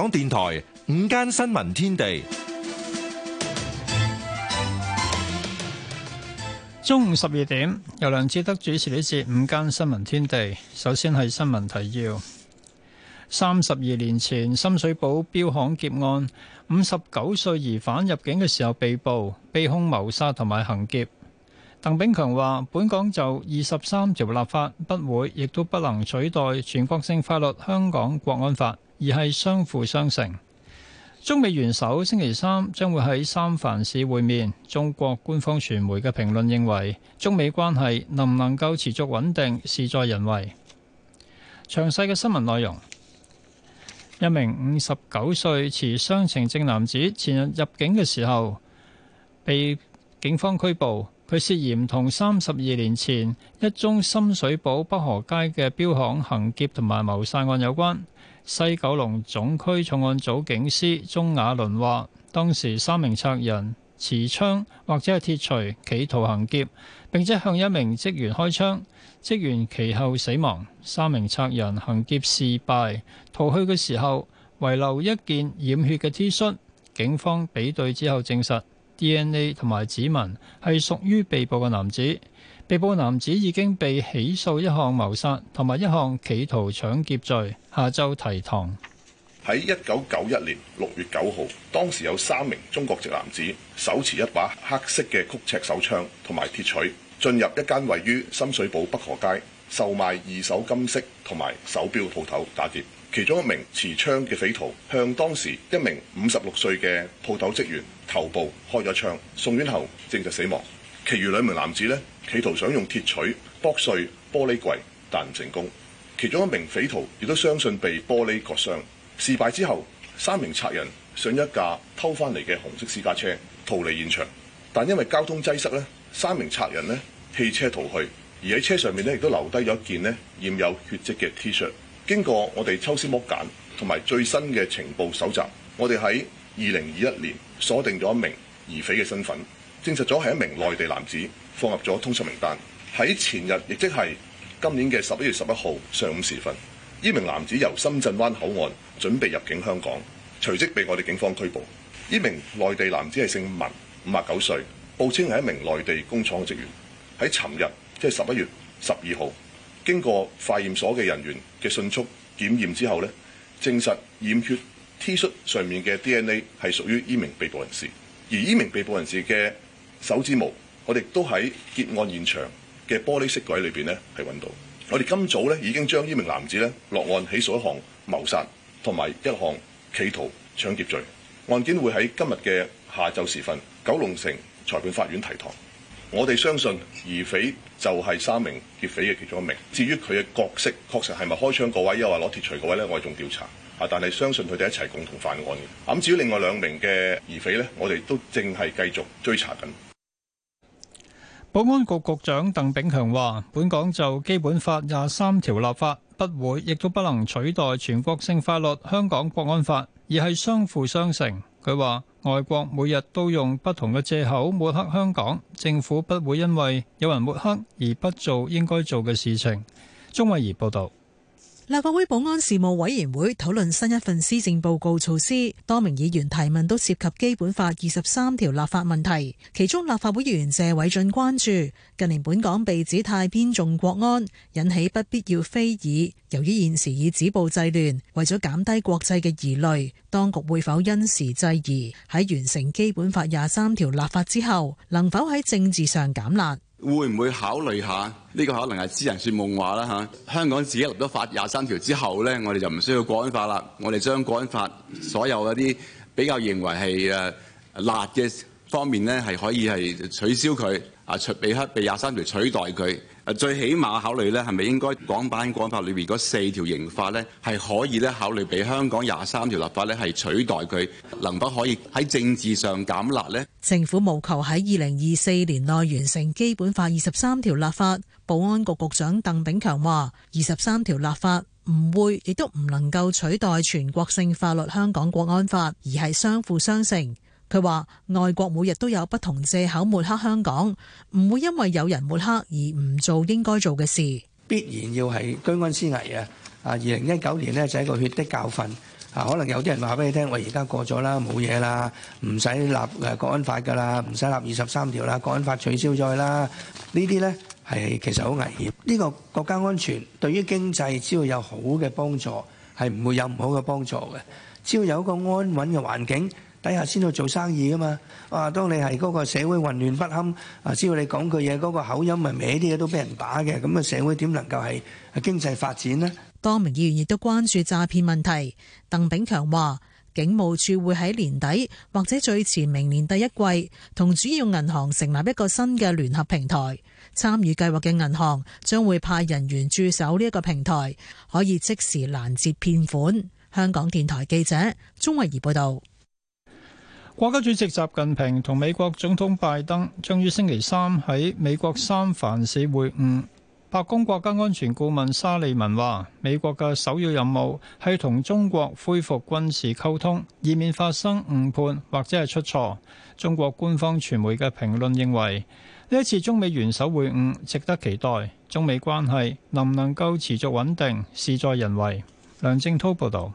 香港電台午間新聞天地，中午十二點由梁志德主持呢節午間新聞天地。首先係新聞提要：三十二年前深水埗標行劫案，五十九歲疑犯入境嘅時候被捕，被控謀殺同埋行劫。鄧炳強話：本港就二十三條立法不會，亦都不能取代全國性法律《香港國安法》。而係相輔相成。中美元首星期三將會喺三藩市會面。中國官方傳媒嘅評論認為，中美關係能唔能夠持續穩定，事在人為。詳細嘅新聞內容，一名五十九歲持雙程證男子前日入境嘅時候被警方拘捕，佢涉嫌同三十二年前一宗深水埗北河街嘅錶行行劫同埋謀殺案有關。西九龍總區重案組警司鍾雅倫話：當時三名賊人持槍或者係鐵錘企圖行劫，並且向一名職員開槍，職員其後死亡。三名賊人行劫事敗，逃去嘅時候遺留一件染血嘅 T 恤，警方比對之後證實 DNA 同埋指紋係屬於被捕嘅男子。被捕男子已經被起訴一項謀殺同埋一項企圖搶劫罪，下週提堂。喺一九九一年六月九號，當時有三名中國籍男子手持一把黑色嘅曲尺手槍同埋鐵錘，進入一間位於深水埗北河街售賣二手金飾同埋手錶鋪頭打劫。其中一名持槍嘅匪徒向當時一名五十六歲嘅鋪頭職員頭部開咗槍，送院後證實死亡。其餘兩名男子呢，企圖想用鐵錘剝碎玻璃櫃，但唔成功。其中一名匪徒亦都相信被玻璃割傷。事敗之後，三名賊人上一架偷翻嚟嘅紅色私家車逃離現場，但因為交通擠塞呢，三名賊人呢棄車逃去，而喺車上面呢亦都留低咗一件呢染有血跡嘅 T 恤。h i 經過我哋抽絲剝繭同埋最新嘅情報搜集，我哋喺二零二一年鎖定咗一名疑匪嘅身份。證實咗係一名內地男子，放入咗通緝名單。喺前日，亦即係今年嘅十一月十一號上午時分，呢名男子由深圳灣口岸準備入境香港，隨即被我哋警方拘捕。呢名內地男子係姓文，五十九歲，報稱係一名內地工廠嘅職員。喺尋日，即係十一月十二號，經過化驗所嘅人員嘅迅速檢驗之後呢，證實染血 T 恤上面嘅 DNA 係屬於呢名被捕人士。而呢名被捕人士嘅手指毛，我哋都喺劫案現場嘅玻璃飾櫃裏邊咧係揾到。我哋今早咧已經將呢名男子咧落案起訴一項謀殺同埋一項企圖搶劫罪。案件會喺今日嘅下晝時分，九龍城裁判法院提堂。我哋相信疑匪就係三名劫匪嘅其中一名。至於佢嘅角色，確實係咪開槍嗰位，又或攞鐵錘嗰位咧，我哋仲調查啊。但係相信佢哋一齊共同犯案嘅。咁至於另外兩名嘅疑匪咧，我哋都正係繼續追查緊。保安局局長鄧炳強話，本港就《基本法》廿三條立法，不會，亦都不能取代全國性法律《香港國安法》，而係相輔相成。佢話，外國每日都用不同嘅借口抹黑香港，政府不會因為有人抹黑而不做應該做嘅事情。鍾慧儀報道。立法會保安事務委員會討論新一份施政報告措施，多名議員提問都涉及基本法二十三條立法問題。其中，立法會議員謝偉俊關注近年本港被指太偏重國安，引起不必要非議。由於現時已止暴制亂，為咗減低國際嘅疑慮，當局會否因時制宜，喺完成基本法廿三條立法之後，能否喺政治上減辣？會唔會考慮下呢，這個可能係痴人説夢話啦嚇？香港自己立咗法廿三條之後呢，我哋就唔需要國安法啦。我哋將國安法所有一啲比較認為係誒辣嘅方面呢，係可以係取消佢。啊！除比克被廿三條取代佢，最起碼考慮咧，係咪應該港版《港法》裏邊嗰四條刑法咧，係可以咧考慮俾香港廿三條立法咧係取代佢，能否可以喺政治上減壓咧？政府務求喺二零二四年內完成基本法二十三條立法，保安局局長鄧炳強話，二十三條立法唔會亦都唔能夠取代全國性法律《香港國安法》，而係相輔相成。佢話：外國每日都有不同藉口抹黑香港，唔會因為有人抹黑而唔做應該做嘅事。必然要係居安思危啊！啊，二零一九年咧就係一個血的教訓啊。可能有啲人話俾你聽：喂，我而家過咗啦，冇嘢啦，唔使立誒國安法噶啦，唔使立二十三條啦，國安法取消咗啦。呢啲咧係其實好危險。呢個國家安全對於經濟只要有好嘅幫助，係唔會有唔好嘅幫助嘅。只要有一個安穩嘅環境，底下先去做生意噶嘛？哇、啊！當你係嗰個社會混亂不堪啊，只要你講句嘢，嗰、嗰個口音咪歪啲嘅都俾人打嘅咁啊！那個、社會點能夠係經濟發展呢，多名議員亦都關注詐騙問題。鄧炳強話，警務處會喺年底或者最遲明年第一季同主要銀行成立一個新嘅聯合平台。參與計劃嘅銀行將會派人員駐守呢一個平台，可以即時攔截騙款。香港電台記者鍾慧儀報道。國家主席習近平同美國總統拜登將於星期三喺美國三藩市會晤。白宮國家安全顧問沙利文話，美國嘅首要任務係同中國恢復軍事溝通，以免發生誤判或者係出錯。中國官方傳媒嘅評論認為，呢一次中美元首會晤值得期待。中美關係能唔能夠持續穩定，事在人為。梁正濤報道。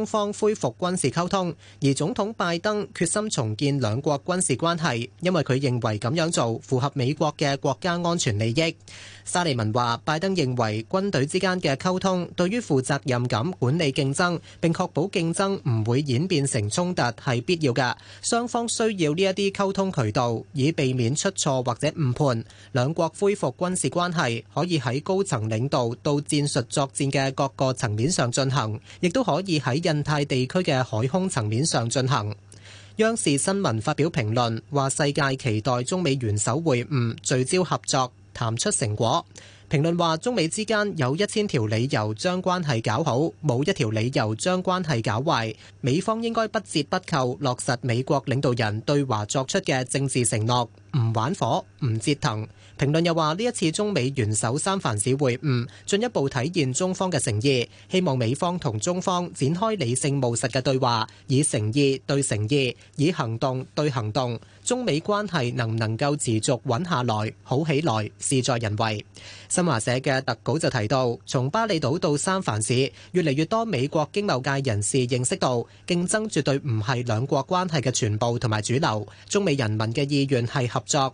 雙方恢復軍事溝通，而總統拜登決心重建兩國軍事關係，因為佢認為咁樣做符合美國嘅國家安全利益。沙利文話拜登認為軍隊之間嘅溝通對於負責任感、管理競爭並確保競爭唔會演變成衝突係必要嘅。雙方需要呢一啲溝通渠道，以避免出錯或者誤判。兩國恢復軍事關係可以喺高層領導到戰術作戰嘅各個層面上進行，亦都可以喺印太地區嘅海空層面上進行。央視新聞發表評論話世界期待中美元首會晤，聚焦合作。談出成果，評論話中美之間有一千條理由將關係搞好，冇一條理由將關係搞壞。美方應該不折不扣落實美國領導人對華作出嘅政治承諾，唔玩火，唔折騰。評論又話：呢一次中美元首三藩市會晤，進一步體現中方嘅誠意，希望美方同中方展開理性務實嘅對話，以誠意對誠意，以行動對行動。中美關係能唔能夠持續穩下來、好起來，事在人為。新華社嘅特稿就提到，從巴厘島到三藩市，越嚟越多美國經貿界人士認識到，競爭絕對唔係兩國關係嘅全部同埋主流，中美人民嘅意願係合作。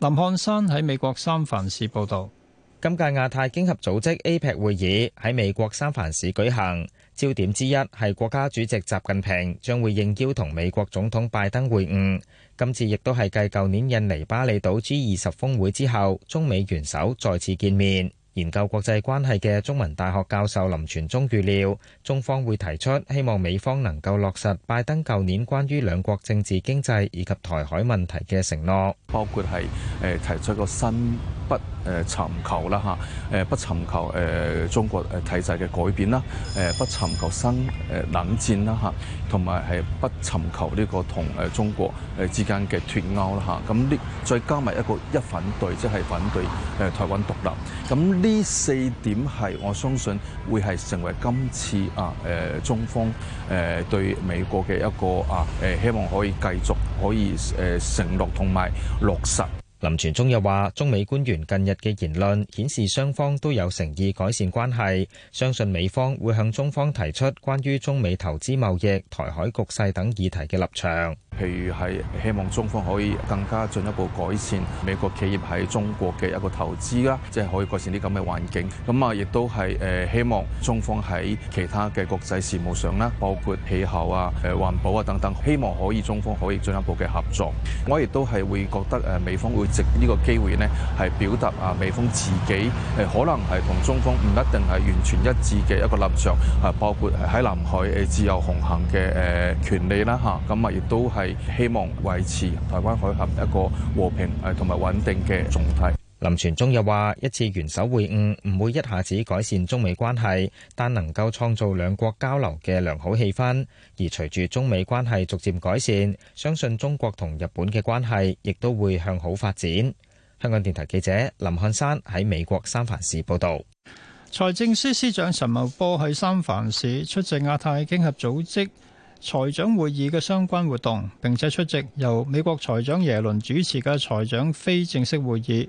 林漢山喺美國三藩市報道，今屆亞太經合組織 APEC 會議喺美國三藩市舉行，焦點之一係國家主席習近平將會應邀同美國總統拜登會晤。今次亦都係繼舊年印尼巴厘島 G 二十峰會之後，中美元首再次見面。研究國際關係嘅中文大學教授林泉忠預料，中方會提出希望美方能夠落實拜登舊年關於兩國政治經濟以及台海問題嘅承諾，包括係誒提出個新不。誒尋求啦嚇，誒不尋求誒中國誒體制嘅改變啦，誒不尋求新誒冷戰啦嚇，同埋係不尋求呢個同誒中國誒之間嘅脫鈎啦嚇。咁呢再加埋一個一反對，即係反對誒台灣獨立。咁呢四點係我相信會係成為今次啊誒中方誒對美國嘅一個啊誒希望可以繼續可以誒承諾同埋落實。林傳忠又話中美官員近日嘅言論顯示，雙方都有誠意改善關係，相信美方會向中方提出關於中美投資貿易、台海局勢等議題嘅立場，譬如係希望中方可以更加進一步改善美國企業喺中國嘅一個投資啦，即係可以改善啲咁嘅環境。咁啊，亦都係誒希望中方喺其他嘅國際事務上啦，包括氣候啊、誒環保啊等等，希望可以中方可以進一步嘅合作。我亦都係會覺得誒美方會。藉呢個機會呢，係表達啊，美方自己係可能係同中方唔一定係完全一致嘅一個立場啊，包括喺南海誒自由航行嘅誒權利啦吓，咁啊，亦都係希望維持台灣海峽一個和平誒同埋穩定嘅狀態。林泉忠又話：一次元首會晤唔會一下子改善中美關係，但能夠創造兩國交流嘅良好氣氛。而隨住中美關係逐漸改善，相信中國同日本嘅關係亦都會向好發展。香港電台記者林漢山喺美國三藩市報道。財政司司長陳茂波喺三藩市出席亞太經合組織。財長會議嘅相關活動，並且出席由美國財長耶倫主持嘅財長非正式會議。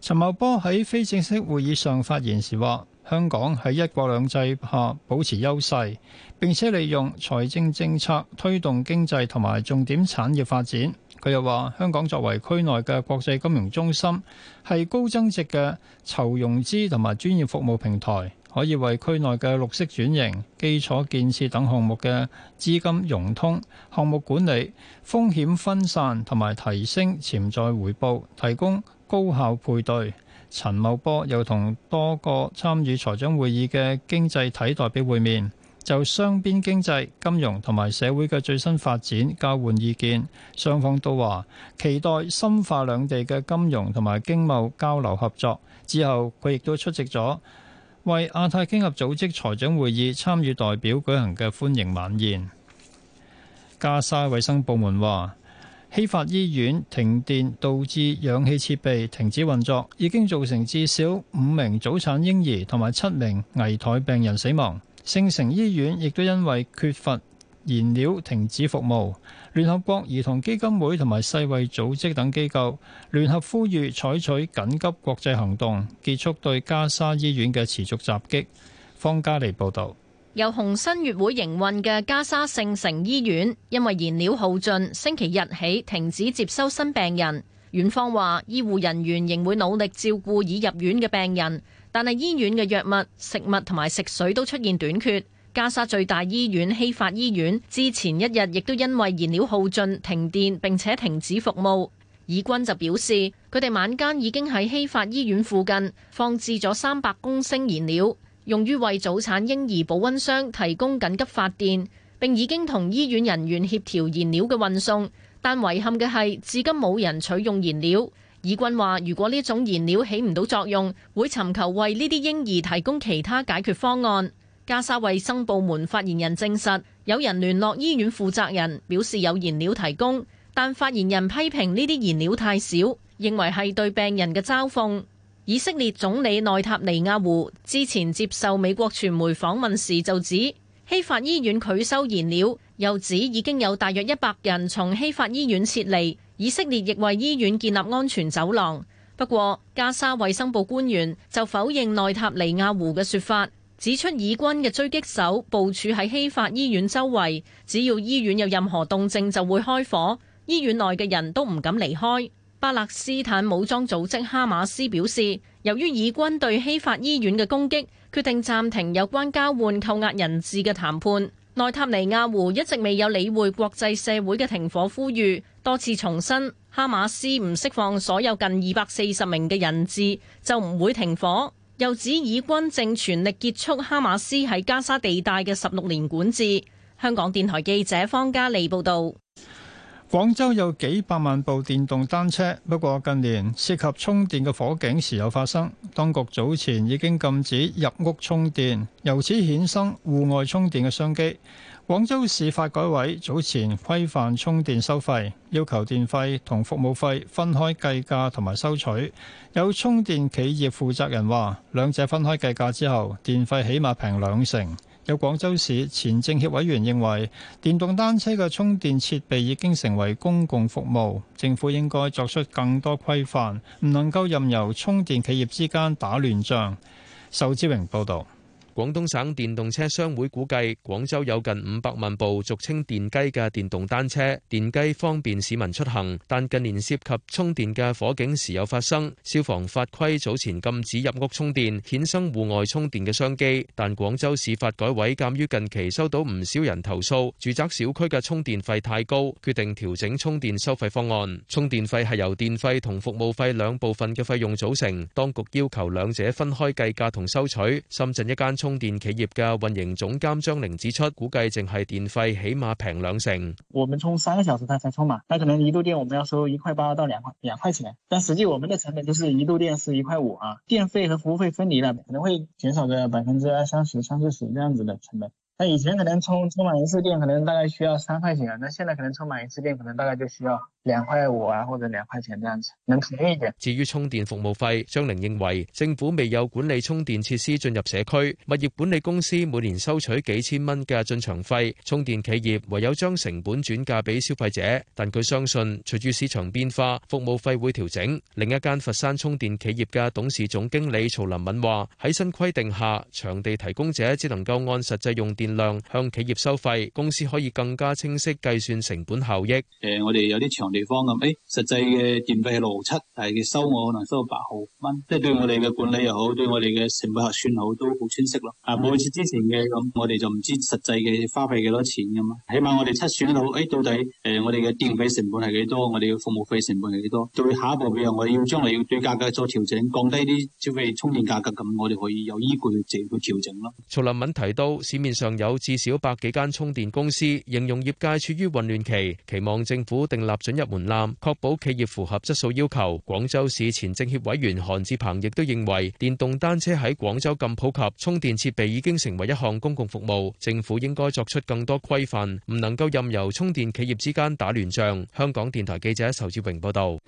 陳茂波喺非正式會議上發言時話：香港喺一國兩制下保持優勢，並且利用財政政策推動經濟同埋重點產業發展。佢又話：香港作為區內嘅國際金融中心，係高增值嘅籌融資同埋專業服務平台。可以為區內嘅綠色轉型、基礎建設等項目嘅資金融通、項目管理、風險分散同埋提升潛在回報提供高效配對。陳茂波又同多個參與財長會議嘅經濟體代表會面，就雙邊經濟、金融同埋社會嘅最新發展交換意見。雙方都話期待深化兩地嘅金融同埋經貿交流合作。之後佢亦都出席咗為亞太經合組織財長會議參與代表舉行嘅歡迎晚宴。加沙衛生部門話，希法醫院停電導致氧氣設備停止運作，已經造成至少五名早產嬰兒同埋七名危殆病人死亡。聖城醫院亦都因為缺乏。燃料停止服務，聯合國兒童基金會同埋世衛組織等機構聯合呼籲採取緊急國際行動，結束對加沙醫院嘅持續襲擊。方嘉莉報導，由紅新月會營運嘅加沙聖城醫院，因為燃料耗盡，星期日起停止接收新病人。院方話，醫護人員仍會努力照顧已入院嘅病人，但係醫院嘅藥物、食物同埋食水都出現短缺。加沙最大醫院希法醫院之前一日亦都因為燃料耗盡停電，並且停止服務。以軍就表示，佢哋晚間已經喺希法醫院附近放置咗三百公升燃料，用於為早產嬰兒保溫箱提供緊急發電，並已經同醫院人員協調燃料嘅運送。但遺憾嘅係，至今冇人取用燃料。以軍話，如果呢種燃料起唔到作用，會尋求為呢啲嬰兒提供其他解決方案。加沙衛生部門發言人證實有人聯絡醫院負責人，表示有燃料提供，但發言人批評呢啲燃料太少，認為係對病人嘅嘲諷。以色列總理內塔尼亞胡之前接受美國傳媒訪問時就指希法醫院拒收燃料，又指已經有大約一百人從希法醫院撤離。以色列亦為醫院建立安全走廊，不過加沙衛生部官員就否認內塔尼亞胡嘅說法，指出以軍嘅狙擊手部署喺希法醫院周圍，只要醫院有任何動靜就會開火，醫院內嘅人都唔敢離開。巴勒斯坦武裝組織哈馬斯表示，由於以軍對希法醫院嘅攻擊，決定暫停有關交換扣押人質嘅談判。內塔尼亞胡一直未有理會國際社會嘅停火呼籲，多次重申哈馬斯唔釋放所有近二百四十名嘅人質就唔會停火。又指以軍正全力結束哈馬斯喺加沙地帶嘅十六年管治。香港電台記者方嘉利報道，廣州有幾百萬部電動單車，不過近年涉及充電嘅火警時有發生。當局早前已經禁止入屋充電，由此衍生戶外充電嘅商機。廣州市發改委早前規範充電收費，要求電費同服務費分開計價同埋收取。有充電企業負責人話，兩者分開計價之後，電費起碼平兩成。有廣州市前政協委員認為，電動單車嘅充電設備已經成為公共服務，政府應該作出更多規範，唔能夠任由充電企業之間打亂仗。仇志榮報道。廣東省電動車商會估計，廣州有近五百萬部俗稱電雞嘅電動單車，電雞方便市民出行，但近年涉及充電嘅火警時有發生。消防法規早前禁止入屋充電，衍生戶外充電嘅商機，但廣州市發改委鑒於近期收到唔少人投訴，住宅小區嘅充電費太高，決定調整充電收費方案。充電費係由電費同服務費兩部分嘅費用組成，當局要求兩者分開計價同收取。深圳一間。充電企業的運營總監張玲指出，估計淨係電費起碼平兩成。我們充三個小時它才充滿，但可能一度電我們要收一塊八到兩塊兩塊錢，但實際我們的成本就是一度電是一塊五啊。電費和服務費分離了，可能會減少個百分之二三十、三四十這樣子的成本。那以前可能充充滿一次電可能大概需要三塊錢，那現在可能充滿一次電可能大概就需要。兩塊五啊，或者兩塊錢咁樣子，能便宜啲。至於充電服務費，張玲認為政府未有管理充電設施進入社區，物業管理公司每年收取幾千蚊嘅進場費，充電企業唯有將成本轉嫁俾消費者。但佢相信隨住市場變化，服務費會調整。另一間佛山充電企業嘅董事總經理曹林敏話：喺新規定下，場地提供者只能夠按實際用電量向企業收費，公司可以更加清晰計算成本效益。誒，我哋有啲場。地方咁，誒實際嘅電費係六毫七，但係佢收我可能收到八毫蚊，即係對我哋嘅管理又好，對我哋嘅成本核算好都好清晰咯。啊，冇似之前嘅咁，我哋就唔知實際嘅花費幾多錢咁啊。起碼我哋測算到誒到底誒我哋嘅電費成本係幾多，我哋嘅服務費成本係幾多。對下一步，譬如我哋要將嚟要對價格做調整，降低啲消費充電價格咁，我哋可以有依據去整去調整咯。曹林敏提到，市面上有至少百幾間充電公司，形容業界處於混亂期，期望政府訂立準門檻，確保企業符合質素要求。廣州市前政協委員韓志鵬亦都認為，電動單車喺廣州咁普及，充電設備已經成為一項公共服務，政府應該作出更多規範，唔能夠任由充電企業之間打亂仗。香港電台記者仇志榮報道。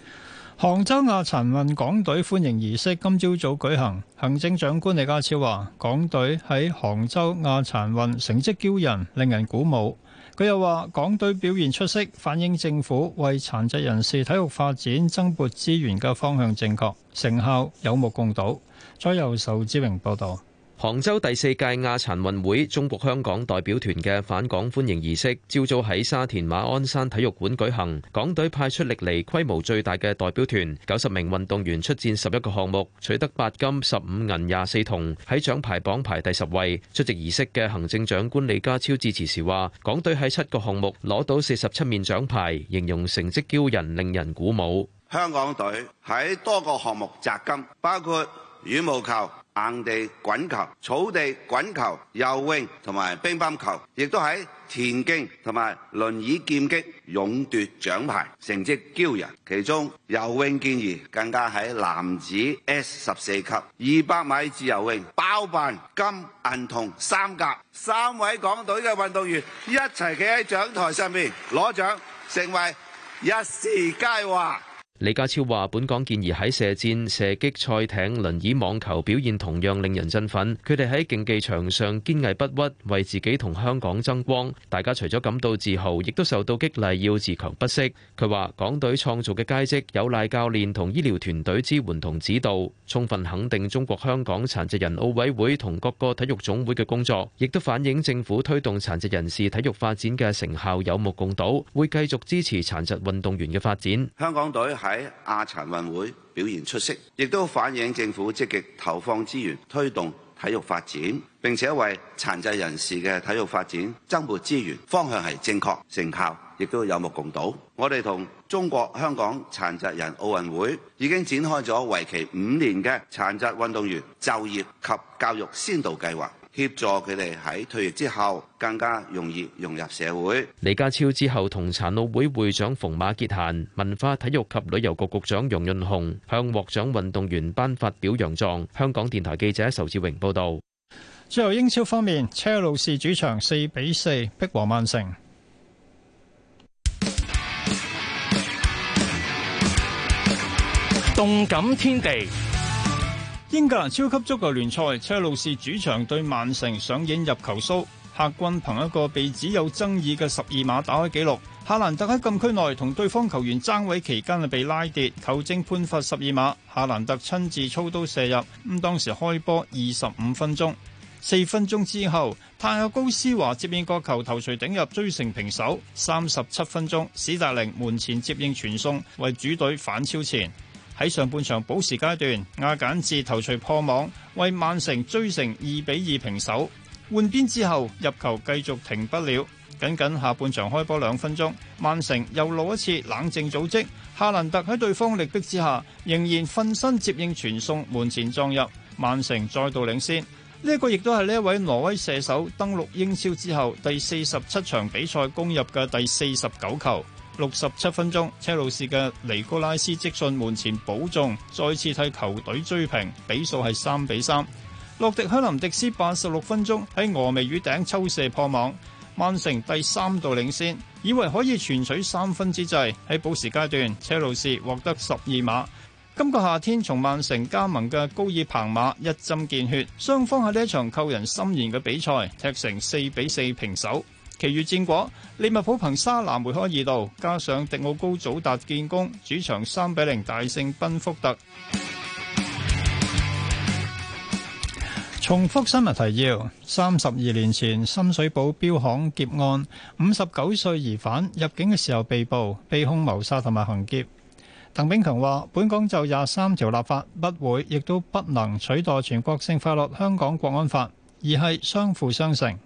杭州亞殘運港隊歡迎儀式今朝早舉行，行政長官李家超話，港隊喺杭州亞殘運成績驕人，令人鼓舞。佢又話：港隊表現出色，反映政府為殘疾人士體育發展增撥資源嘅方向正確，成效有目共睹。再由仇志榮報導。杭州第四屆亞殘運會中國香港代表團嘅返港歡迎儀式，朝早喺沙田馬鞍山體育館舉行。港隊派出歷嚟規模最大嘅代表團，九十名運動員出戰十一個項目，取得八金、十五銀、廿四銅，喺獎牌榜排第十位。出席儀式嘅行政長官李家超致辭時話，港隊喺七個項目攞到四十七面獎牌，形容成績驕人，令人鼓舞。香港隊喺多個項目摘金，包括羽毛球、硬地滾球、草地滾球、游泳同埋乒乓球，亦都喺田徑同埋輪椅劍擊勇奪獎牌，成績驕人。其中游泳健兒更加喺男子 S 十四級二百米自由泳包辦金銀銅三甲，三位港隊嘅運動員一齊企喺獎台上邊攞獎，成為一時佳話。李家超話：本港健兒喺射箭、射擊、賽艇、輪椅網球表現同樣令人振奮，佢哋喺競技場上堅毅不屈，為自己同香港爭光。大家除咗感到自豪，亦都受到激勵，要自強不息。佢話：港隊創造嘅佳績有賴教練同醫療團隊支援同指導，充分肯定中國香港殘疾人奧委會同各個體育總會嘅工作，亦都反映政府推動殘疾人士體育發展嘅成效有目共睹。會繼續支持殘疾運動員嘅發展。香港隊喺喺亞殘運會表現出色，亦都反映政府積極投放資源推動體育發展，並且為殘疾人士嘅體育發展增撥資源，方向係正確，成效亦都有目共睹。我哋同中國香港殘疾人奧運會已經展開咗為期五年嘅殘疾運動員就業及教育先導計劃。協助佢哋喺退役之後更加容易融入社會。李家超之後同殘奧會會長馮馬潔嫻，文化體育及旅遊局局長楊潤雄向獲獎運動員頒發表揚狀。香港電台記者仇志榮報導。最後英超方面，車路士主場四比四逼和曼城。動感天地。英格蘭超級足球聯賽，車路士主場對曼城上演入球騷，客軍憑一個被指有爭議嘅十二碼打開紀錄。夏蘭特喺禁區內同對方球員爭位期間被拉跌，球證判罰十二碼，夏蘭特親自操刀射入。咁當時開波二十五分鐘，四分鐘之後，泰亞高斯華接應角球頭錘頂入追成平手。三十七分鐘，史達寧門前接應傳送為主隊反超前。喺上半場補時階段，亞簡治頭錘破網，為曼城追成二比二平手。換邊之後，入球繼續停不了。僅僅下半場開波兩分鐘，曼城又攞一次冷靜組織。夏蘭特喺對方力迫之下，仍然奮身接應傳送，門前撞入，曼城再度領先。呢一個亦都係呢一位挪威射手登陸英超之後第四十七場比賽攻入嘅第四十九球。六十七分鐘，車路士嘅尼古拉斯積臣門前保中，再次替球隊追平，比數係三比三。洛迪克林迪斯八十六分鐘喺俄眉雨頂抽射破網，曼城第三度領先，以為可以全取三分之際，喺補時階段，車路士獲得十二碼。今個夏天從曼城加盟嘅高爾彭馬一針見血，雙方喺呢一場扣人心弦嘅比賽踢成四比四平手。其餘戰果，利物浦憑沙拿梅開二度，加上迪奧高祖達建功，主場三比零大勝賓福特。重複新聞提要：三十二年前深水埗標行劫案，五十九歲疑犯入境嘅時候被捕，被控謀殺同埋行劫。鄧炳強話：本港就廿三條立法，不會亦都不能取代全國性法律《香港國安法》，而係相輔相成。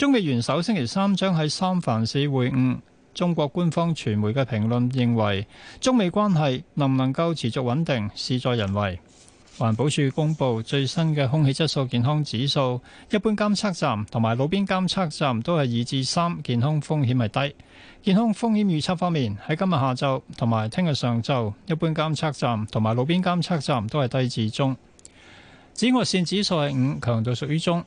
中美元首星期三將喺三藩市會晤。中國官方傳媒嘅評論認為，中美關係能唔能夠持續穩定，事在人為。環保署公布最新嘅空氣質素健康指數，一般監測站同埋路邊監測站都係二至三，健康風險係低。健康風險預測方面，喺今日下晝同埋聽日上晝，一般監測站同埋路邊監測站都係低至中。紫外綫指數係五，強度屬於中。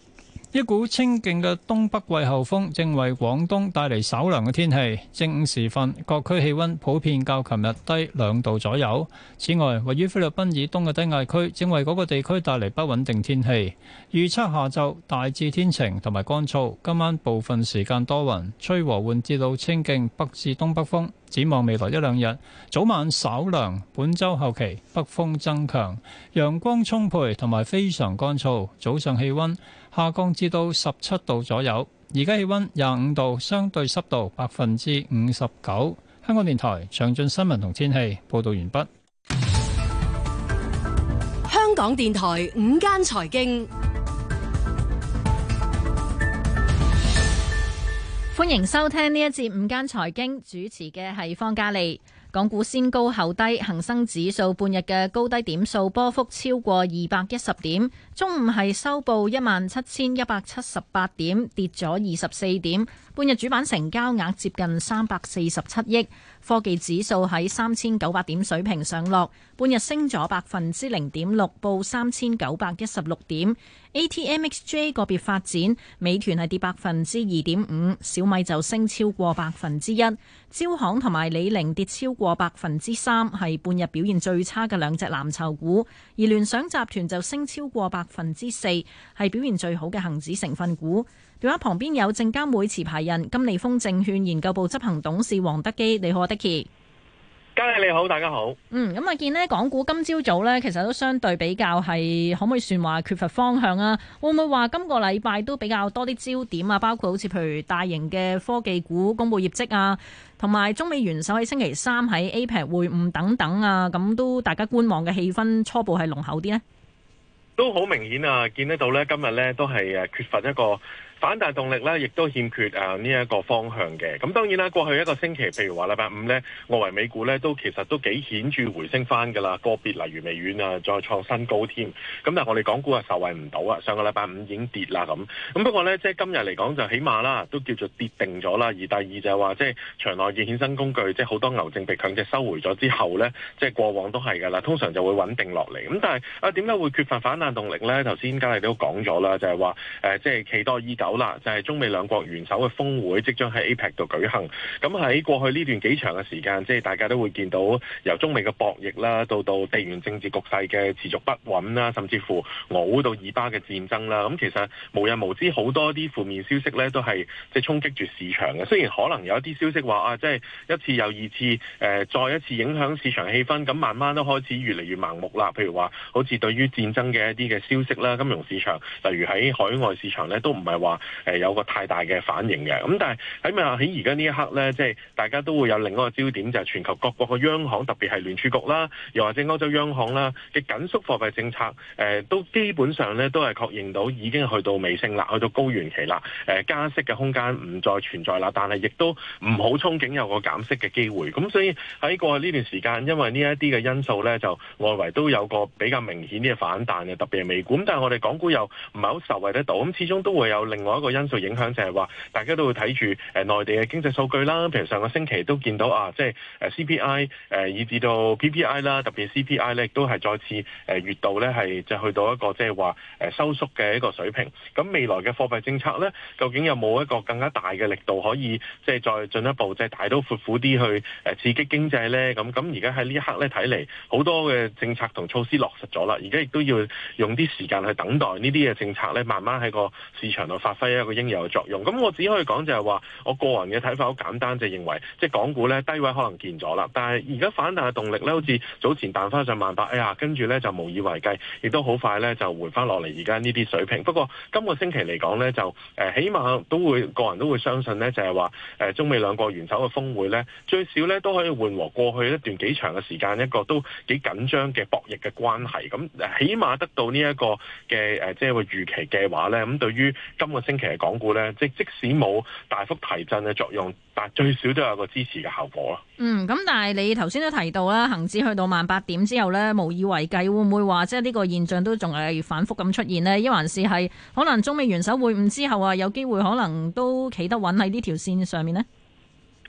一股清勁嘅東北季候風正為廣東帶嚟稍涼嘅天氣，正午時分，各區氣溫普遍較琴日低兩度左右。此外，位於菲律賓以東嘅低壓區正為嗰個地區帶嚟不穩定天氣，預測下晝大致天晴同埋乾燥，今晚部分時間多雲，吹和緩至到清勁北至東北風。展望未來一兩日，早晚稍涼，本周後期北風增強，陽光充沛，同埋非常乾燥。早上氣溫。下降至到十七度左右，而家氣溫廿五度，相對濕度百分之五十九。香港電台詳盡新聞同天氣報道完畢。香港電台午間財經，歡迎收聽呢一節午間財經，主持嘅係方嘉莉。港股先高後低，恒生指數半日嘅高低點數波幅超過二百一十點，中午係收報一萬七千一百七十八點，跌咗二十四點，半日主板成交額接近三百四十七億。科技指數喺三千九百點水平上落，半日升咗百分之零點六，報三千九百一十六點。ATMXJ 個別發展，美團係跌百分之二點五，小米就升超過百分之一。招行同埋李寧跌超過百分之三，係半日表現最差嘅兩隻藍籌股。而聯想集團就升超過百分之四，係表現最好嘅恒指成分股。電話旁邊有證監會持牌人金利豐證券研究部執行董事黃德基。你好，阿 Dickie。你好，大家好。嗯，咁啊見呢港股今朝早，早呢，其實都相對比較係，可唔可以算話缺乏方向啊？會唔會話今個禮拜都比較多啲焦點啊？包括好似譬如大型嘅科技股公布業績啊，同埋中美元首喺星期三喺 APEC 會晤等等啊，咁都大家觀望嘅氣氛初步係濃厚啲呢？都好明顯啊，見得到呢今日呢都係誒缺乏一個。反彈動力咧，亦都欠缺啊呢一個方向嘅。咁、嗯、當然啦，過去一個星期，譬如話禮拜五咧，外圍美股咧都其實都幾顯著回升翻㗎啦。個別例如美元啊，再創新高添。咁、嗯、但係我哋港股係受惠唔到啊。上個禮拜五已經跌啦咁。咁、嗯、不過咧，即係今日嚟講就起碼啦，都叫做跌定咗啦。而第二就係話，即係場內嘅衍生工具，即係好多牛證被強制收回咗之後咧，即係過往都係㗎啦，通常就會穩定落嚟。咁、嗯、但係啊，點、呃、解會缺乏反彈動力咧？頭先嘉麗都講咗啦，就係話誒，即、呃、係、呃呃、企多依舊。好啦，就係、是、中美兩國元首嘅峰會，即將喺 APEC 度舉行。咁喺過去呢段幾長嘅時間，即係大家都會見到由中美嘅博弈啦，到到地緣政治局勢嘅持續不穩啦，甚至乎俄烏到以巴嘅戰爭啦。咁其實無日無知無日無之，好多啲負面消息呢，都係即係衝擊住市場嘅。雖然可能有一啲消息話啊，即係一次又二次，誒、呃，再一次影響市場氣氛。咁慢慢都開始越嚟越盲目啦。譬如話，好似對於戰爭嘅一啲嘅消息啦，金融市場，例如喺海外市場呢，都唔係話，誒、呃、有個太大嘅反應嘅，咁但係喺咪喺而家呢一刻呢，即係大家都會有另一個焦點，就係、是、全球各國嘅央行，特別係聯儲局啦，又或者歐洲央行啦嘅緊縮貨幣政策，誒、呃、都基本上呢都係確認到已經去到尾聲啦，去到高原期啦，誒、呃、加息嘅空間唔再存在啦，但係亦都唔好憧憬有個減息嘅機會。咁所以喺過去呢段時間，因為呢一啲嘅因素呢，就外圍都有個比較明顯啲嘅反彈嘅，特別係美股。但係我哋港股又唔係好受惠得到，咁始終都會有另外。一個因素影響就係話，大家都會睇住誒內地嘅經濟數據啦。譬如上個星期都見到啊，即係誒 CPI 誒，以至到 PPI 啦，特別 CPI 咧，亦都係再次誒月度咧係就去到一個即係話誒收縮嘅一個水平。咁未來嘅貨幣政策咧，究竟有冇一個更加大嘅力度可以即係再進一步即係大刀闊斧啲去誒刺激經濟咧？咁咁而家喺呢一刻咧睇嚟，好多嘅政策同措施落實咗啦。而家亦都要用啲時間去等待呢啲嘅政策咧，慢慢喺個市場度發。發揮一個應有嘅作用。咁我只可以講就係話，我個人嘅睇法好簡單，就是、認為即係港股咧低位可能見咗啦。但係而家反彈嘅動力咧，好似早前彈翻上萬八，哎呀，跟住咧就無以為繼，亦都好快咧就回翻落嚟而家呢啲水平。不過今個星期嚟講咧，就誒、呃、起碼都會個人都會相信咧，就係話誒中美兩國元首嘅峰會咧，最少咧都可以緩和過去一段幾長嘅時間一個都幾緊張嘅博弈嘅關係。咁起碼得到、呃、呢一個嘅誒，即係個預期嘅話咧，咁對於今個星期嘅港股呢，即即使冇大幅提振嘅作用，但最少都有個支持嘅效果咯。嗯，咁但係你頭先都提到啦，恒指去到萬八點之後呢，無以為繼，會唔會話即係呢個現象都仲係反覆咁出現呢？抑還是係可能中美元首會晤之後啊，有機會可能都企得穩喺呢條線上面呢？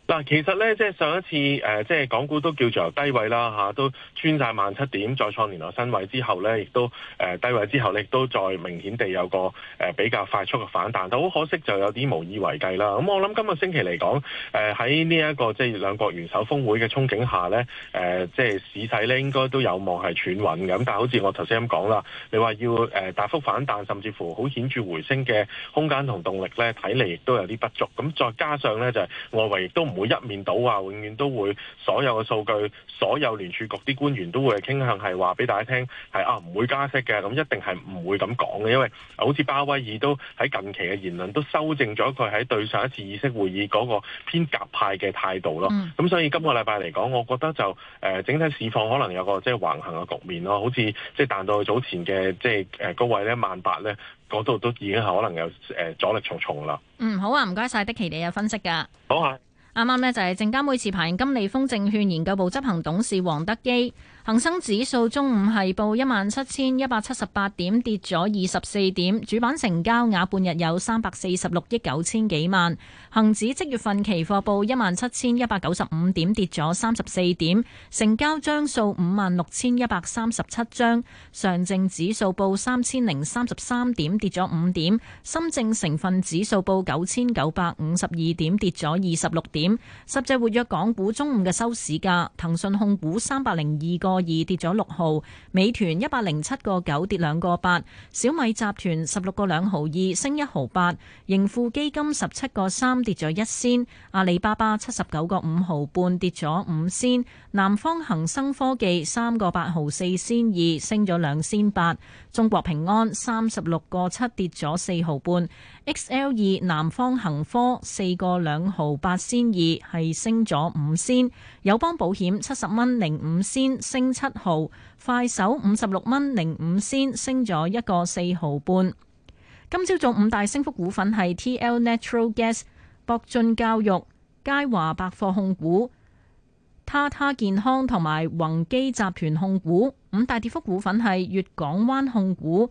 嗱，其實咧，即係上一次，誒、呃，即係港股都叫做低位啦，嚇、啊，都穿晒萬七點，再創年度新位之後咧，亦都誒、呃、低位之後咧，亦都再明顯地有個誒、呃、比較快速嘅反彈，但好可惜就有啲無以為繼啦。咁、啊嗯、我諗今個星期嚟講，誒喺呢一個即係兩國元首峰會嘅憧憬下咧，誒、呃、即係市勢咧應該都有望係喘穩咁，但係好似我頭先咁講啦，你話要誒大、呃、幅反彈甚至乎好顯著回升嘅空間同動力咧，睇嚟亦都有啲不足。咁再加上咧就係外圍亦都。每一面倒啊，永遠都會所有嘅數據，所有聯儲局啲官員都會傾向係話俾大家聽係啊，唔會加息嘅咁，一定係唔會咁講嘅，因為好似鮑威爾都喺近期嘅言論都修正咗佢喺對上一次議息會議嗰個偏鴿派嘅態度咯。咁、嗯、所以今個禮拜嚟講，我覺得就誒整體市況可能有個即係橫行嘅局面咯，好似即係彈到去早前嘅即係誒高位咧萬八咧嗰度都已經係可能有誒阻力重重啦。嗯，好啊，唔該晒。的奇，你有分析㗎，好啊。啱啱呢就係證監會持牌人，金利豐證券研究部執行董事黃德基。恒生指數中午係報一萬七千一百七十八點，跌咗二十四點，主板成交額半日有三百四十六億九千幾萬。恒指即月份期貨報一萬七千一百九十五點，跌咗三十四點，成交張數五萬六千一百三十七張。上證指數報三千零三十三點，跌咗五點。深證成分指數報九千九百五十二點，跌咗二十六點。十隻活躍港股中午嘅收市價，騰訊控股三百零二個。個二跌咗六毫，美團一百零七個九跌兩個八，小米集團十六個兩毫二升一毫八，盈富基金十七個三跌咗一仙，阿里巴巴七十九個五毫半跌咗五仙，南方恒生科技三個八毫四仙二升咗兩仙八，中國平安三十六個七跌咗四毫半。XL 二南方恒科四個兩毫八仙二係升咗五仙，友邦保險七十蚊零五仙升七毫，快手五十六蚊零五仙升咗一個四毫半。今朝早五大升幅股份係 TL Natural Gas、博進教育、佳華百貨控股、塔塔健康同埋宏基集團控股。五大跌幅股份係粵港灣控股、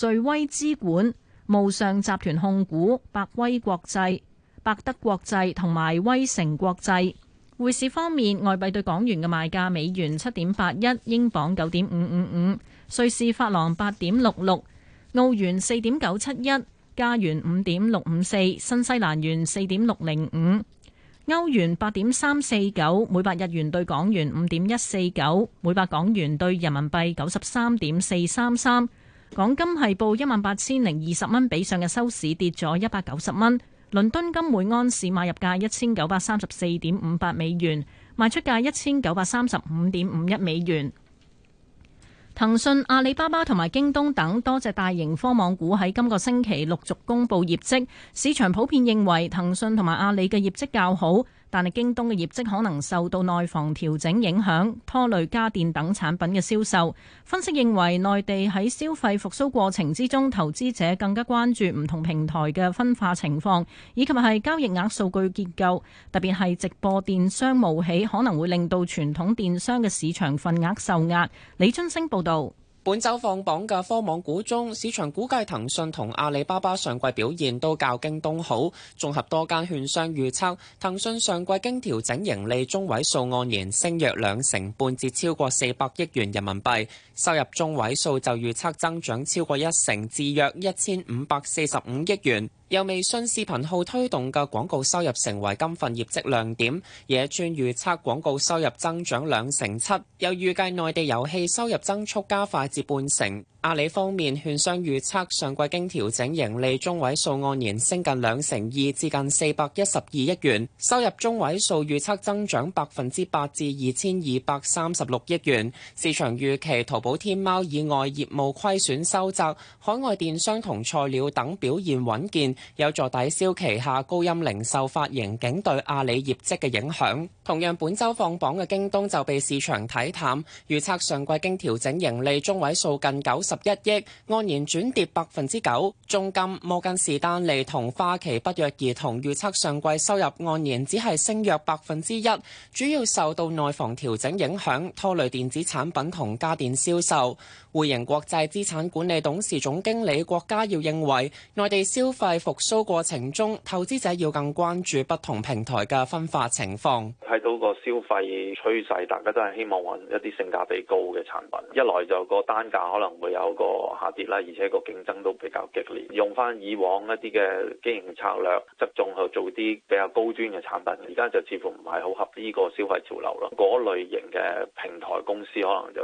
瑞威資管。慕尚集團控股、百威國際、百德國際同埋威城國際。匯市方面，外幣對港元嘅賣價：美元七點八一，英鎊九點五五五，瑞士法郎八點六六，澳元四點九七一，加元五點六五四，新西蘭元四點六零五，歐元八點三四九，每百日元對港元五點一四九，每百港元對人民幣九十三點四三三。港金係報一萬八千零二十蚊，比上日收市跌咗一百九十蚊。倫敦金每安士買入價一千九百三十四點五八美元，賣出價一千九百三十五點五一美元。騰訊、阿里巴巴同埋京東等多隻大型科網股喺今個星期陸續公布業績，市場普遍認為騰訊同埋阿里嘅業績較好。但係京東嘅業績可能受到內房調整影響，拖累家電等產品嘅銷售。分析認為內地喺消費復蘇過程之中，投資者更加關注唔同平台嘅分化情況以及係交易額數據結構，特別係直播電商冒起，可能會令到傳統電商嘅市場份額受壓，李津升報道。本周放榜嘅科網股中，市場估計騰訊同阿里巴巴上季表現都較京東好。綜合多間券商預測，騰訊上季經調整盈利中位數按年升約兩成半至超過四百億元人民幣。收入中位數就預測增長超過一成，至約一千五百四十五億元。由微信視頻號推動嘅廣告收入成為今份業績亮點，野村預測廣告收入增長兩成七。又預計內地遊戲收入增速加快至半成。阿里方面，券商預測上季經調整盈利中位數按年升近兩成二，至近四百一十二億元；收入中位數預測增長百分之八，至二千二百三十六億元。市場預期淘寶、天貓以外業務虧損收窄，海外電商同菜鳥等表現穩健，有助抵消旗下高音零售發盈警對阿里業績嘅影響，同樣本周放榜嘅京東就被市場睇淡，預測上季經調整盈利中位數近九十一億，按年轉跌百分之九。中金、摩根士丹利同花旗不約而同預測，上季收入按年只係升約百分之一，主要受到內房調整影響，拖累電子產品同家電銷售。匯盈國際資產管理董事總經理郭家耀認為，內地消費復甦過程中，投資者要更關注不同平台嘅分化情況。睇到個消費趨勢，大家都係希望揾一啲性價比高嘅產品，一來就個單價可能會有。有個下跌啦，而且個競爭都比較激烈，用翻以往一啲嘅經營策略，側重去做啲比較高端嘅產品，而家就似乎唔係好合呢個消費潮流咯。嗰類型嘅平台公司可能就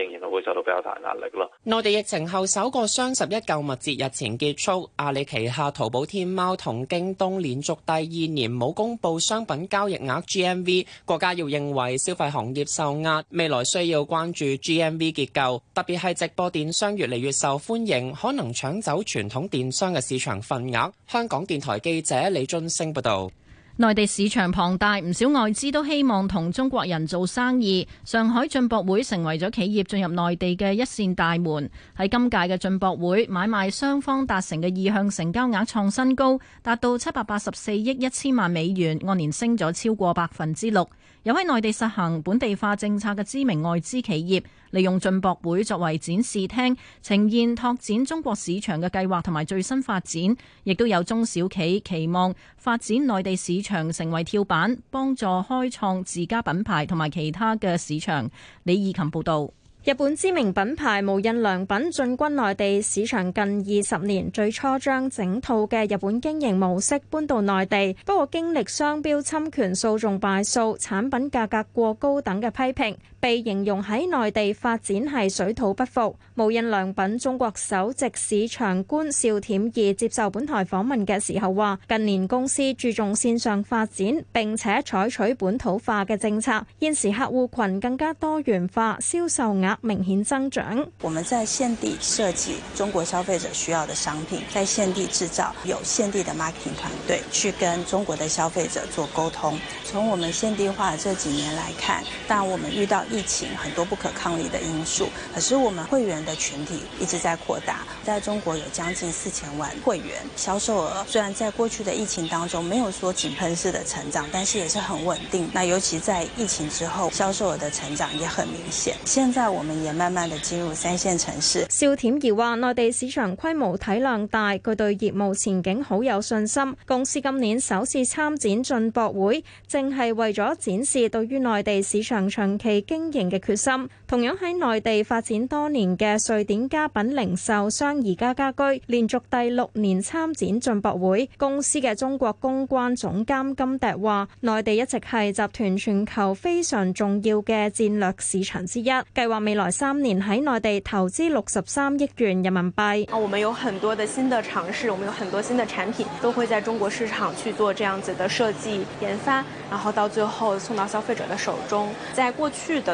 誒仍然會受到比較大壓力咯。內地疫情後首個雙十一購物節日前結束，阿里旗下淘寶、天貓同京東連續第二年冇公佈商品交易額 G M V。國家要認為消費行業受壓，未來需要關注 G M V 結構，特別係直播電。電商越嚟越受歡迎，可能搶走傳統電商嘅市場份額。香港電台記者李津升報道，內地市場龐大，唔少外資都希望同中國人做生意。上海進博會成為咗企業進入內地嘅一扇大門。喺今屆嘅進博會，買賣雙方達成嘅意向成交額創新高，達到七百八十四億一千萬美元，按年升咗超過百分之六。有喺內地實行本地化政策嘅知名外資企業，利用進博會作為展示廳，呈現拓展中國市場嘅計劃同埋最新發展。亦都有中小企期望發展內地市場，成為跳板，幫助開創自家品牌同埋其他嘅市場。李怡琴報導。日本知名品牌無印良品進軍內地市場近二十年，最初將整套嘅日本經營模式搬到內地，不過經歷商標侵權訴訟敗訴，產品價格過高等嘅批評。被形容喺內地發展係水土不服，無印良品中國首席市場官邵添怡接受本台訪問嘅時候話，近年公司注重線上發展，並且採取本土化嘅政策。現時客戶群更加多元化，銷售額明顯增長。我們在現地設計中國消費者需要的商品，在現地製造，有現地的 marketing 團隊，去跟中國的消費者做溝通。從我們現地化這幾年來看，但我們遇到疫情很多不可抗力的因素，可是我們會員的群體一直在擴大，在中國有將近四千萬會員，銷售額雖然在過去的疫情當中沒有說井噴式的成長，但是也是很穩定。那尤其在疫情之後，銷售額的成長也很明顯。現在我們也慢慢的進入三線城市。邵甜怡話：內地市場規模體量大，佢對業務前景好有信心。公司今年首次參展進博會，正係為咗展示對於內地市場長期經。經營嘅決心，同樣喺內地發展多年嘅瑞典家品零售商宜家家居，連續第六年參展進博會。公司嘅中國公關總監金迪話，內地一直係集團全球非常重要嘅戰略市場之一，計劃未來三年喺內地投資六十三億元人民幣。啊，我們有很多的新的嘗試，我們有很多新的產品，都會在中國市場去做這樣子的設計研發，然後到最後送到消費者的手中。在過去的。